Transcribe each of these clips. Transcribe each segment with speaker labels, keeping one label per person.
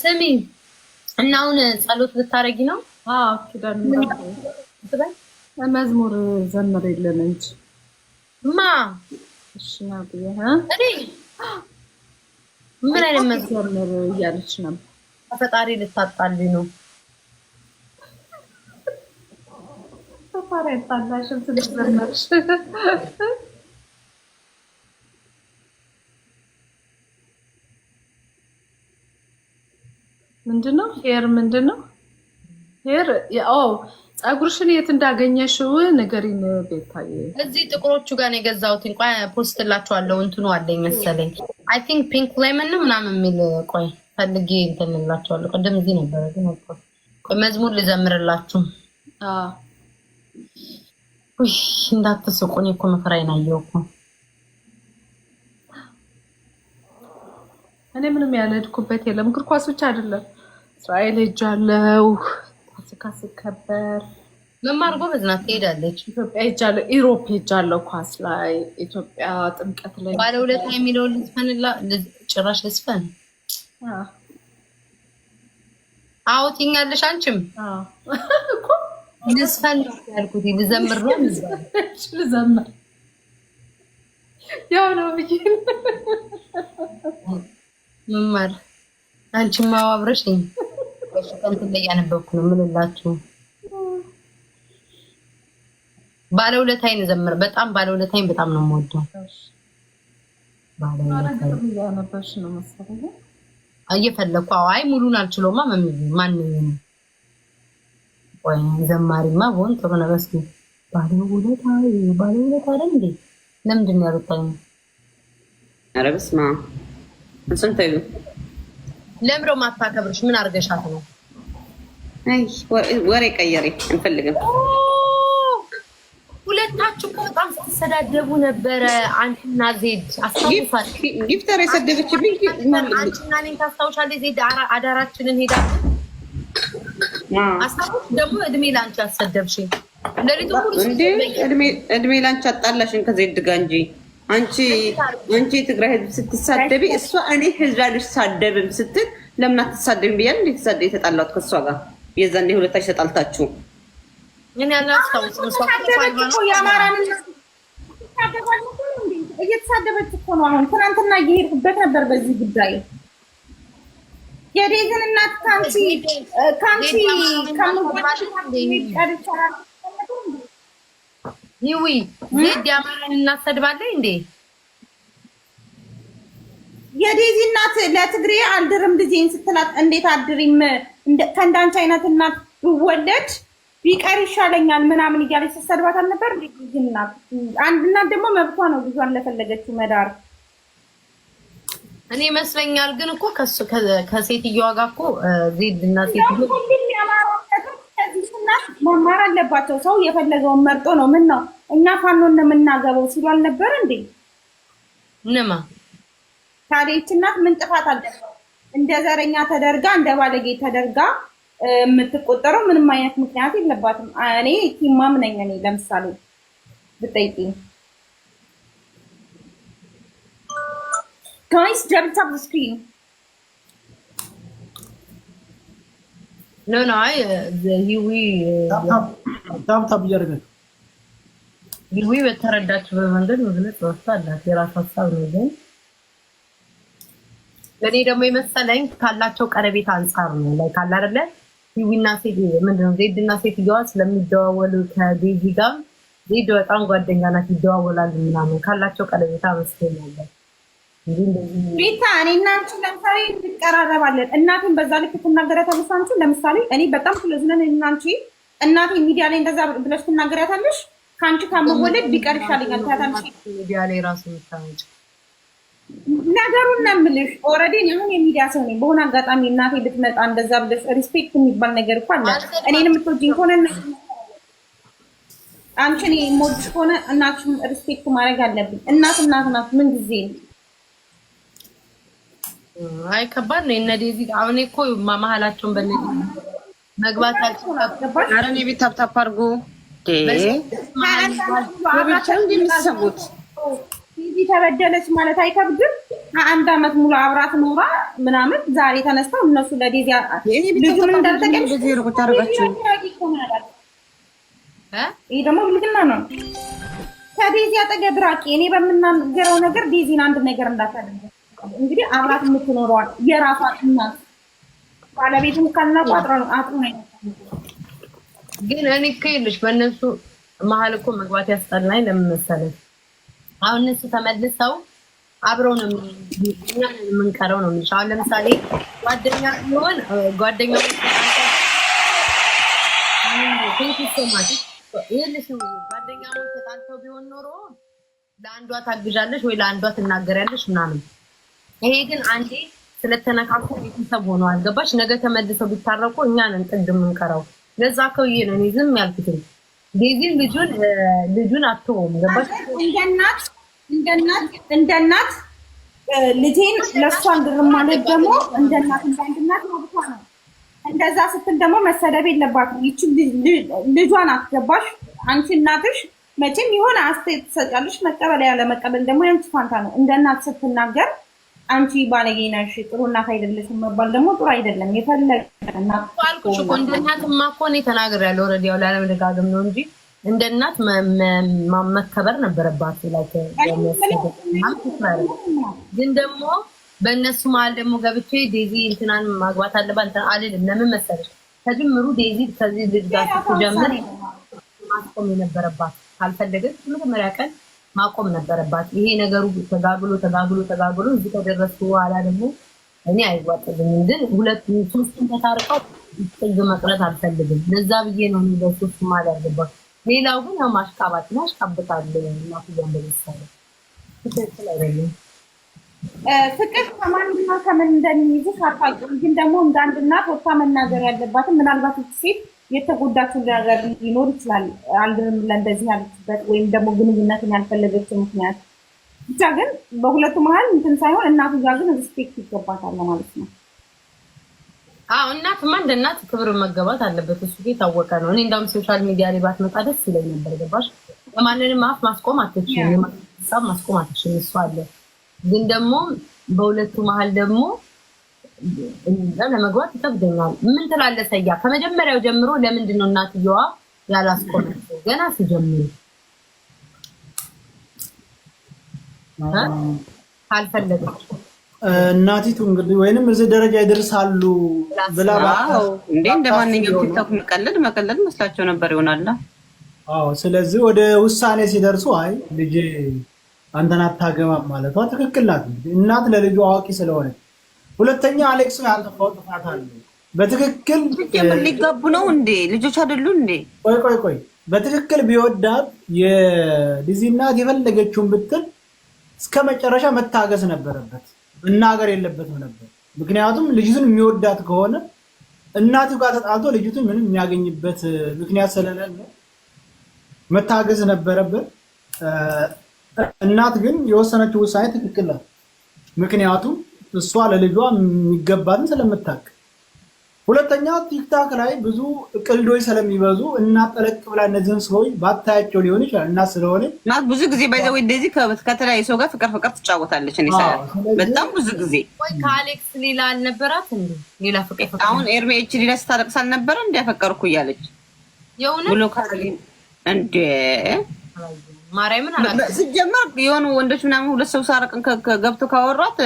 Speaker 1: ስሚ እና አሁን ጸሎት ልታረጊ ነው?
Speaker 2: መዝሙር ዘምር የለም እንጂ ማ እሺ ነው እኔ ምን አይነት መዝሙር እያለች ነው?
Speaker 1: ከፈጣሪ ልታጣልኝ ነው።
Speaker 2: ከፈጣሪ አጣላሽም ስለዘመርሽ ምንድነው ሄር ምንድነው ሄር ያው ፀጉርሽን የት እንዳገኘሽው ንገሪን ቤታዬ።
Speaker 1: እዚህ ጥቁሮቹ ጋር ነው የገዛሁት። ቆይ ፖስትላችኋለሁ። እንትኑ አለኝ መሰለኝ አይ ቲንክ ፒንክ ሌመን ነው ምናምን የሚል ቆይ ፈልጌ እንትን እላችኋለሁ። ቅድም እዚህ ነበረ ግን ቆይ መዝሙር ልዘምርላችሁ። እንዳትስቁን እኮ መከራዬን አየሁ እኮ
Speaker 2: እኔ ምንም ያልሄድኩበት የለም። እግር ኳስ ብቻ አይደለም እስራኤል ሄጃለሁ። ፋሲካ ሲከበር
Speaker 1: መማር በመዝናት ትሄዳለች። ኢትዮጵያ
Speaker 2: ሄጃለሁ። ኢሮፕ ሄጃለሁ። ኳስ ላይ ኢትዮጵያ ጥምቀት ላይ
Speaker 1: ባለ ሁለት የሚለውን ልዝፈንላ ጭራሽ ልዝፈን አዎ ትኛለሽ። አንቺም ልዝፈን ያልኩት ልዘምር ነው
Speaker 2: ልዘምር ያው ነው ብዬ
Speaker 1: መማር አንቺም አዋብረሽኝ እሱ ላይ እያነበብኩ ነው። ምን እላችሁ ባለውለታዬን ዘምር። በጣም ባለውለታዬን በጣም ነው የምወደው። እየፈለኩ አይ ሙሉን አልችለውማ። ማንኛውም ወይ ዘማሪማ ብሆን ጥሩ ነው። በስኪ ባለውለታዬ ባለውለታ አይደል እንዴ? ለምንድን ነው ያሉታኝ?
Speaker 2: ኧረ በስመ አብ
Speaker 1: ለምዶ ማታከብርሽ ምን አርገሻት ነው?
Speaker 2: ወሬ ቀየሪ እንፈልግም።
Speaker 1: ሁለታችሁ እኮ በጣም ስትሰዳደቡ ነበረ። አንቺና ዜድ
Speaker 2: አስታውሳል። ጊፍተር የሰደበችብኝ
Speaker 1: አንቺና እኔን ታስታውሻለሽ? ዜድ አዳራችንን ሄዳ አስታውሽ። ደግሞ እድሜ ላንቺ አሰደብሽኝ።
Speaker 2: ለሪቱ ሁሉ እድሜ ላንቺ አጣላሽን ከዜድ ጋር እንጂ አንቺ አንቺ ትግራይ ህዝብ ስትሳደቢ እሷ እኔ ህዝብ አልሳደብም ስትል ለምን አትሳደብም ብያለሁ። እንዴት ተሳደ የተጣላት ከእሷ ጋር የዛን ሁለታችሁ ተጣልታችሁ
Speaker 1: እየተሳደበች እኮ ነው። አሁን ትናንትና እየሄድኩበት ነበር በዚህ ጉዳይ የዴዝን እናት ካንቺ ካንቺ ከምንጓ ቀርቻ ይዊ ዜድ አማራን እናሰድባለን እንዴ? የዴዚ እናት ለትግሬ አልድርም ልጄን ስትላት እንዴት አድሪም ከእንዳንቺ አይነት እናት ብወለድ ቢቀር ይሻለኛል ምናምን እያለች ስትሰድባት አልነበር? ዴዚ እናት አንድ እናት ደግሞ መብቷ ነው ልጇን ለፈለገችው መዳር። እኔ ይመስለኛል ግን እኮ ከሴትዮዋ ጋር እኮ ዜድ እና ሴትዮ መማር አለባቸው። ሰው የፈለገውን መርጦ ነው። ምን ነው እኛ ፋኖን እንደምናገበው የምናገበው ሲሉ አልነበር እንዴ? ንማ ታዲያ እናት ምን ጥፋት አለበት? እንደ ዘረኛ ተደርጋ እንደ ባለጌ ተደርጋ የምትቆጠረው ምንም አይነት ምክንያት የለባትም። እኔ ቲማም ነኝ። እኔ ለምሳሌ ብጠይቂ ጋይስ ደብል ስክሪን ኖ ኖ አይ ሂዊ
Speaker 2: ታብታብ እያደረገ
Speaker 1: ሂዊ በተረዳችበት መንገድ መግለጽ ወስታ አላት። የራሱ ሀሳብ ነው። ግን እኔ ደግሞ የመሰለኝ ካላቸው ቀረቤት አንጻር ነው ላይ ካለ አይደለ ሂዊና ሴት ምንድነው ዜድና ሴትዮዋ ስለሚደዋወሉ ከዴዚ ጋር ዜድ በጣም ጓደኛ ናት፣ ይደዋወላሉ ምናምን ካላቸው ቀረቤታ መስሎኛል። ቤታ እኔ እና አንቺ ለምሳሌ እንቀራረባለን። እናቴን በዛ ልክ ትናገሪያታለሽ። አንቺ ለምሳሌ እኔ በጣም ስለዝነን ነን እና አንቺ። እናቴ ሚዲያ ላይ እንደዛ ብለሽ ትናገሪያታለሽ። ከአንቺ ከመወለድ ቢቀር ይሻለኛል ትያታለሽ።
Speaker 2: ሚዲያ ላይ ራሱ
Speaker 1: ነገሩን ነው የምልሽ። ኦልሬዲ አሁን የሚዲያ ሰው ነኝ። በሆነ አጋጣሚ እናቴ ብትመጣ እንደዛ ብለሽ ሪስፔክት የሚባል ነገር እኮ አለ። እኔን የምትወጂኝ ከሆነ አንቺ እኔ የምወድሽ ከሆነ እናትሽም ሪስፔክት ማድረግ አለብኝ። እናት እናት ናት ምን ጊዜ ነው አይ ከባድ ነው። እነ ዴዚ አሁን እኮ መሀላቸውን በነ መግባታቸው ኧረ እኔ ቤት ታፕታፕ አድርጎ የሚሰሙት ዴዚ ተበደለች ማለት አይከብድም። አንድ አመት ሙሉ አብራት ኖራ ምናምን ዛሬ ተነስተው እነሱ ለዴዚ ልጁን እንዳልተቀምሽ ደግሞ ብልግና ነው። ከዴዚ አጠገብ ራቂ። እኔ በምናገረው ነገር ዴዚን አንድ ነገር እንዳታደርገው እንግዲህ አብራት የምትኖረዋ የራሷ እናት ባለቤቱን ካናቱ አጥሩ ነው። ግን እኔ እኮ በእነሱ መሀል እኮ መግባት ያስጠላኝ ለምን መሰለኝ? አሁን እነሱ ተመልሰው አብረው ነው የምንቀረው ነው የሚልሽ። አሁን ለምሳሌ ጓደኛ ሲሆን ጓደኛ ጓደኛ ተጣልተው ቢሆን ኖሮ ለአንዷ ታግዣለሽ ወይ ለአንዷ ትናገሪያለሽ ምናምን ይሄ ግን አንዴ ስለተነካኩ ቤተሰብ ሆኖ አልገባሽ። ነገ ተመልሰው ቢታረቁ እኛ ነን ጥግ የምንቀረው። ለዛ ከውዬ ነው ዝም ያልኩትኝ። ዴዚን ልጁን ልጁን አትወውም ገባሽ። እንደናት እንደናት እንደናት ልጄን ለእሷ እንድር ማለት ደግሞ እንደናት እንደንድናት መብቷ ነው። እንደዛ ስትል ደግሞ መሰደብ የለባትም። ይች ልጇን አትገባሽ። አንቺ እናትሽ መቼም የሆነ አስተያየት ትሰጫለሽ። መቀበል ያለመቀበል ደግሞ ያንቺ ፋንታ ነው። እንደናት ስትናገር አንቺ ባለጌ ነሽ፣ ጥሩ እናት አይደለሽም መባል ደግሞ ጥሩ አይደለም። የፈለገ እናልኩሽ እኮ እንደ እናትማ እኮ እኔ ተናግሬያለሁ። ኦልሬዲ ያው ላለመደጋገም ነው እንጂ እንደ እናት መከበር ነበረባት። ግን ደግሞ በእነሱ መሀል ደግሞ ገብቼ ዴዚ እንትናን ማግባት አለባት እንትን አልልም። ለምን መሰለሽ ከጅምሩ ዴዚ ከዚህ ልጅ ጋር ስትጀምር ማስቆም የነበረባት ካልፈለገች መጀመሪያ ቀን ማቆም ነበረባት። ይሄ ነገሩ ተጋግሎ ተጋግሎ ተጋግሎ እዚህ ከደረሱ በኋላ ደግሞ እኔ አይዋጥልኝም፣ ግን ሁለቱም ሶስቱም ተታርቀው ጥግ መቅረት አልፈልግም። ለዛ ብዬ ነው በሶስቱ ማል ሌላው ግን ያው ማሽቃባት ነው አሽቃብታለ እናትያን በመሳለ ፍቅር ከማንና ከምን እንደሚይዙ ሳታውቂው ግን ደግሞ እንደ አንድ እናት ወጥታ መናገር ያለባትም ምናልባት ሴት የተጎዳችው ነገር ሊኖር ይችላል። አንድም ለእንደዚህ ያለችበት ወይም ደግሞ ግንኙነትን ያልፈለገችው ምክንያት ብቻ ግን በሁለቱ መሀል እንትን ሳይሆን እናቱ ጋር ግን ሪስፔክት ይገባታል ማለት ነው። አዎ እናትማ እንደ እናት ክብር መገባት አለበት። እሱ የታወቀ ነው። እኔ እንዳውም ሶሻል ሚዲያ ላይ ባትመጣ ደስ ይለኝ ነበር። ገባሽ? የማንንም አፍ ማስቆም አትችልም፣ ሳብ ማስቆም አትችልም። እሱ አለ ግን ደግሞ በሁለቱ መሀል ደግሞ ለመግባት ይጠብደኛል። ምን ትላለህ ሰያ? ከመጀመሪያው ጀምሮ ለምንድን ነው እናትየዋ ያላስቆመችው? ገና ሲጀምሩ አልፈለገች
Speaker 2: እናቲቱ እንግዲህ ወይንም እዚህ ደረጃ ይደርሳሉ
Speaker 1: ብላ እንዴ እንደ ማንኛውም ቲክቶክ መቀለድ መቀለድ መስላቸው ነበር ይሆናል።
Speaker 2: አዎ ስለዚህ ወደ ውሳኔ ሲደርሱ አይ ልጅ አንተን አታገባም ማለቷ ትክክል ናት። እናት ለልጁ አዋቂ ስለሆነች ሁለተኛ አሌክስ ያልጠፋው ጥፋት አለ። በትክክል
Speaker 1: ሊጋቡ ነው እንዴ? ልጆች አይደሉ እንዴ?
Speaker 2: ቆይ ቆይ ቆይ በትክክል ቢወዳት የዲዚ እናት የፈለገችውን ብትል እስከ መጨረሻ መታገስ ነበረበት፣ መናገር የለበትም ነበር። ምክንያቱም ልጅቱን የሚወዳት ከሆነ እናቱ ጋር ተጣልቶ ልጅቱን ምንም የሚያገኝበት ምክንያት ስለሌለ መታገስ ነበረበት። እናት ግን የወሰነችው ውሳኔ ትክክል ነው ምክንያቱም እሷ ለልጇ የሚገባትን ስለምታውቅ፣ ሁለተኛ ቲክታክ ላይ ብዙ ቅልዶች ስለሚበዙ እና ጠለቅ ብላ እነዚህን ሰዎች ባታያቸው ሊሆን ይችላል። እና ስለሆነ
Speaker 1: ብዙ ጊዜ ባይዘው እንደዚህ ከተለያዩ ሰው ጋር ፍቅር ፍቅር ትጫወታለች። እኔ በጣም ብዙ ጊዜ ከአሌክስ ሌላ አልነበራት እንዴ? ሌላ ፍቅር አሁን ኤርሜች ሌላ ስታለቅስ አልነበረ እንዲያፈቀርኩ እያለች የሆነ ብሎ እንዴ ማርያምን ስጀመር የሆኑ ወንዶች ምናምን ሁለት ሰው ሳረቅን ገብቶ ካወሯት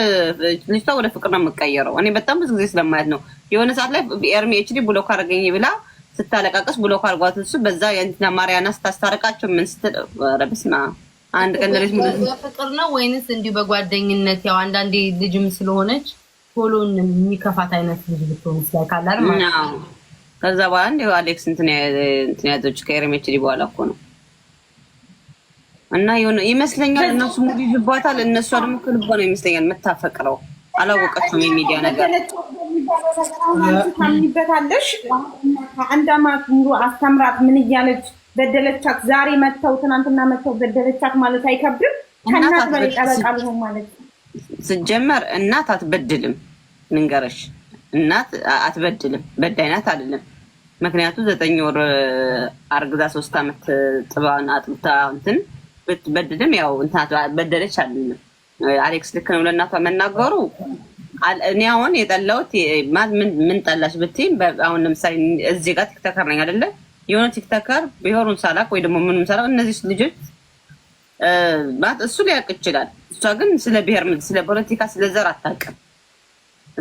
Speaker 1: ልጅቷ ወደ ፍቅር ነው የምቀየረው። እኔ በጣም ብዙ ጊዜ ስለማየት ነው። የሆነ ሰዓት ላይ ኤርሚ ኤችዲ ብሎክ አድርገኝ ብላ ስታለቃቀስ ብሎክ አድርጓት እሱ በዛ የእንትና ማርያና ስታስታርቃቸው ምን ስትል ኧረ አንድ ቀን ልጅ ፍቅር ነው ወይንስ እንዲሁ በጓደኝነት ያው አንዳንዴ ልጅም ስለሆነች ቶሎን የሚከፋት አይነት ልጅ ብትሆን ስላይ ካላል ከዛ በኋላ እንዲ አሌክስ እንትን ያዘች ከኤርሚ ኤችዲ በኋላ እኮ ነው እና የሆነ ይመስለኛል እነሱ ሙቪ ይባታል እነሷ ደግሞ ከልቧ ነው ይመስለኛል የምታፈቅረው። አላወቀችውም የሚዲያ ነገር ታምኝበታለሽ። አንድ አማት ኑሮ አስተምራት ምን እያለች በደለቻት። ዛሬ መጥተው ትናንትና መጥተው በደለቻት ማለት አይከብድም። ከእናት በላይ ጠበቃ ልሆን ማለት ስጀመር እናት አትበድልም። ንንገረሽ እናት አትበድልም፣ በዳይናት አይደለም። ምክንያቱም ዘጠኝ ወር አርግዛ ሶስት አመት ጥባን አጥብታ እንትን ብትበድልም ያው እንትና በደለች አሉኝ። አሌክስ ልክ ነው ለእናቷ መናገሩ። እኔ አሁን የጠላሁት ምን ጠላች ብትይም፣ አሁን ለምሳሌ እዚህ ጋር ቲክተከር ነኝ አይደለ? የሆነ ቲክተከር ብሔሩን ሳላቅ ወይ ደግሞ ምኑን ሳላቅ እነዚህ ልጆች ማለት እሱ ሊያውቅ ይችላል። እሷ ግን ስለ ብሔር፣ ስለ ፖለቲካ፣ ስለ ዘር አታውቅም።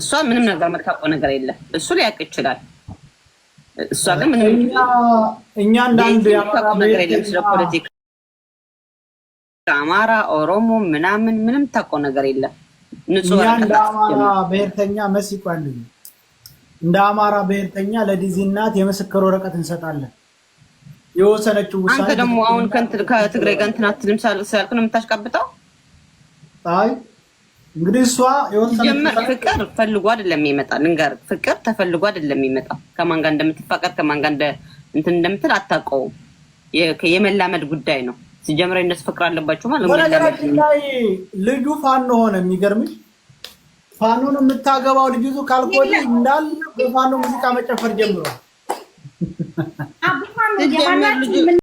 Speaker 1: እሷ ምንም ነገር መታቆ ነገር የለም። እሱ ሊያውቅ ይችላል። እሷ ግን ምንም
Speaker 2: እኛ እንዳንድ
Speaker 1: ነገር የለም ስለ ፖለቲካ አማራ፣ ኦሮሞ ምናምን ምንም ታቆ ነገር የለም። ንጹህ
Speaker 2: እንደ አማራ ብሔርተኛ መስቆ እንደ አማራ ብሔርተኛ ለዲዚ እናት የምስክር ወረቀት እንሰጣለን። የወሰነችው ውሳኔ
Speaker 1: አንተ ደግሞ አሁን ከትግራይ ጋር እንትን አትልም ስላልክ ነው የምታሽቃብጠው።
Speaker 2: አይ እንግዲህ እሷ
Speaker 1: ጀመር ፍቅር ፈልጎ አይደለም ይመጣ ልንገር፣ ፍቅር ተፈልጎ አይደለም ይመጣ። ከማን ጋር እንደምትፋቀር ከማን ጋር እንትን እንደምትል አታውቀውም። የመላመድ ጉዳይ ነው። ሲጀምር እነሱ ፍቅር አለባቸው ማለት ነው።
Speaker 2: በነገራችን ላይ ልጁ ፋኖ ሆነ። የሚገርምሽ ፋኖን የምታገባው ልጅቱ ካልኮል እንዳል በፋኖ ሙዚቃ መጨፈር ጀምሯል።